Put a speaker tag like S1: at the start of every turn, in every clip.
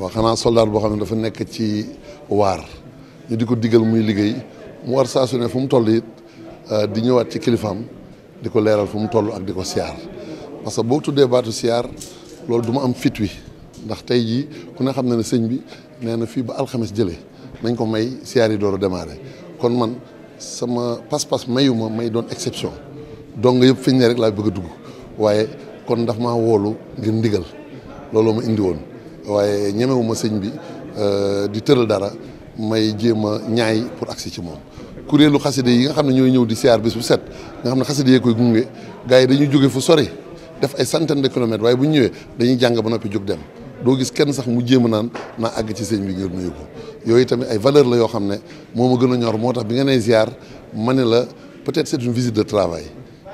S1: waaw xanaa soldat boo xam ne dafa nekk ci waar ñu di ko digal muy liggéey mu war saa su fu mu toll it euh, di ñëwaat ci kilifaam di ko leeral fu mu toll ak di ko siyaar parce que boo tuddee baatu siyaar loolu du ma am fit wi ndax tey jii ku ne xam na ne sëñ bi nee na fii ba alxames jëlee nañ ko may siyaar yi door a démarré kon man sama pas-pas mayuma may doon exception dong yëpp fiñ ne rek laa bëgg a dugg waaye kon daf maa woolu ngir ndigal loolu ma indi woon waaye ñemewuma sëñ bi euh, di tëral dara may jéem a ñaay pour agsi ci moom kuréelu xasida yi nga xam ne ñooy ñëw di siyaar bis bu set nga xam ne xasida yee koy gunge gars yi dañuy jóge fu sori def ay centaine de kilomètres waaye bu ñu ñëwee dañuy jàng ba noppi jóg dem doo gis kenn sax mu jéem a naan naa àgg ci sëñ bi ngir nuyu ko yooyu tamit ay valeur la yoo xam ne moo ma gën a ñor moo tax bi nga nee ziar ma ne la peut-être c'est une visite de travail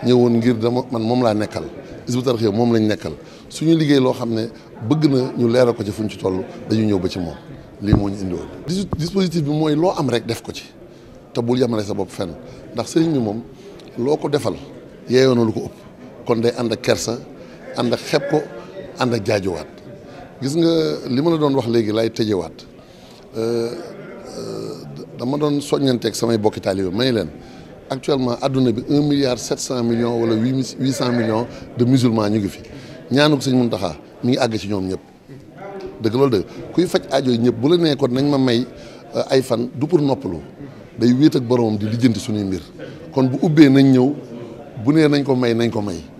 S1: ñëwoon ngir dama man moom laa nekkal Hizbut Tarqiyyah moom lañ nekkal suñu liggéey loo xam ne bëgg na ñu leeral ko ci fuñ ci toll dañu ñëw ba ci moom lii moo ñu indiwoon. dispositif bi mooy loo am rek def ko ci te bul yemale sa bopp fen ndax sëriñ bi moom loo ko defal yeeyoo na lu ko ëpp kon day ànd ak kersa ànd ak xeeb ko ànd ak jaajuwaat gis nga li ma la doon wax léegi laay tëjewaat euh, euh, dama doon soññanteeg samay bokki taalibe may leen. actuellement adduna bi un milliard sept cent millions wala huit huit cent millions de musulmans ñu ngi fi ñaanu ko mun Muntaxa mi ngi àgg ci ñoom ñëpp dëgg loolu dëgg kuy faj aajo ñëpp bu la nee kon nañ ma may euh, ay fan du pour noppalu day wéet ak boromam di lijjanti suñuy mbir kon bu ubbee nañ ñëw bu nee nañ ko may nañ ko may